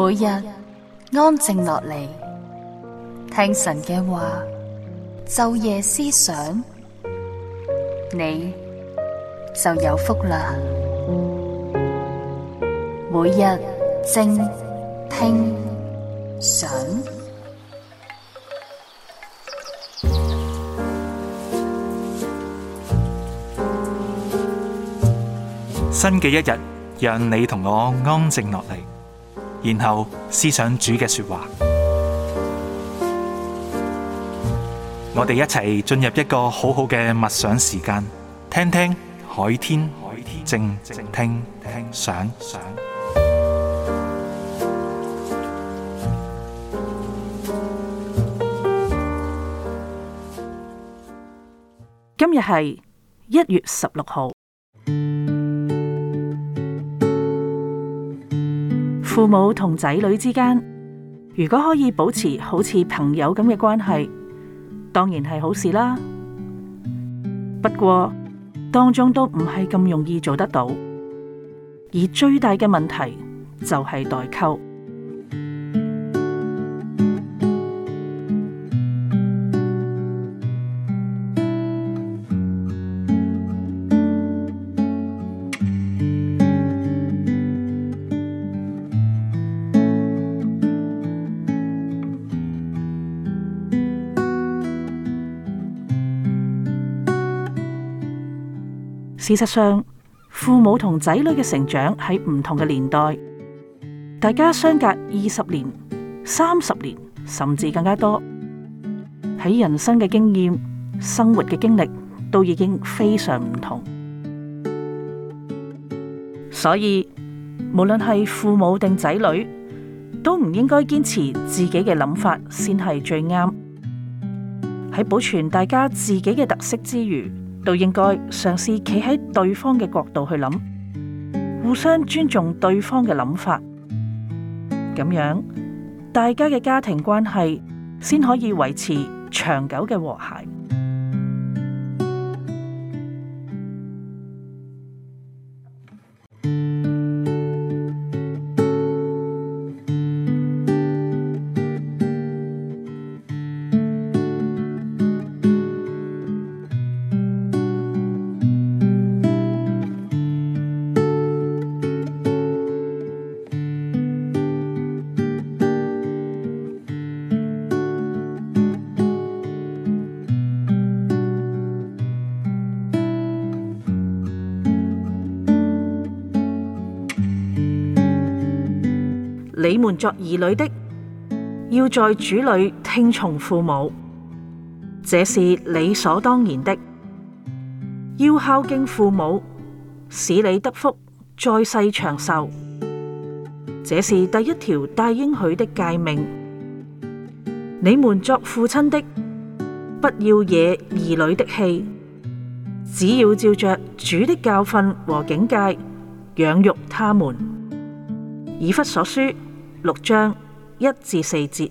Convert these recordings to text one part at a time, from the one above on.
每日安靜落嚟，聽神嘅話，晝夜思想，你就有福啦。每日靜聽想，新嘅一日，讓你同我安靜落嚟。然後思想主嘅說話，嗯、我哋一齊進入一個好好嘅默想時間，聽聽海天靜聽、聽想。今日係一月十六號。父母同仔女之間，如果可以保持好似朋友咁嘅關係，當然係好事啦。不過當中都唔係咁容易做得到，而最大嘅問題就係代溝。事實上，父母同仔女嘅成長喺唔同嘅年代，大家相隔二十年、三十年，甚至更加多，喺人生嘅經驗、生活嘅經歷都已經非常唔同。所以，無論係父母定仔女，都唔應該堅持自己嘅諗法先係最啱。喺保存大家自己嘅特色之餘。都應該嘗試企喺對方嘅角度去諗，互相尊重對方嘅諗法，咁樣大家嘅家庭關係先可以維持長久嘅和諧。你們作兒女的，要在主裏聽從父母，這是理所當然的；要孝敬父母，使你得福，在世長壽。這是第一條帶應許的誡命。你們作父親的，不要惹兒女的氣，只要照着主的教訓和警戒養育他們，以弗所書。六章一至四節。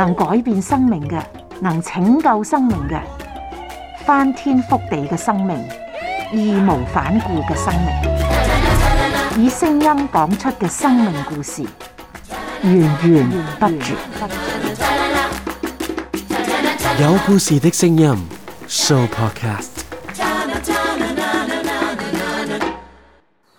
能改變生命嘅，能拯救生命嘅，翻天覆地嘅生命，義無反顧嘅生命，以聲音講出嘅生命故事，源源不絕。有故事的聲音，Show Podcast。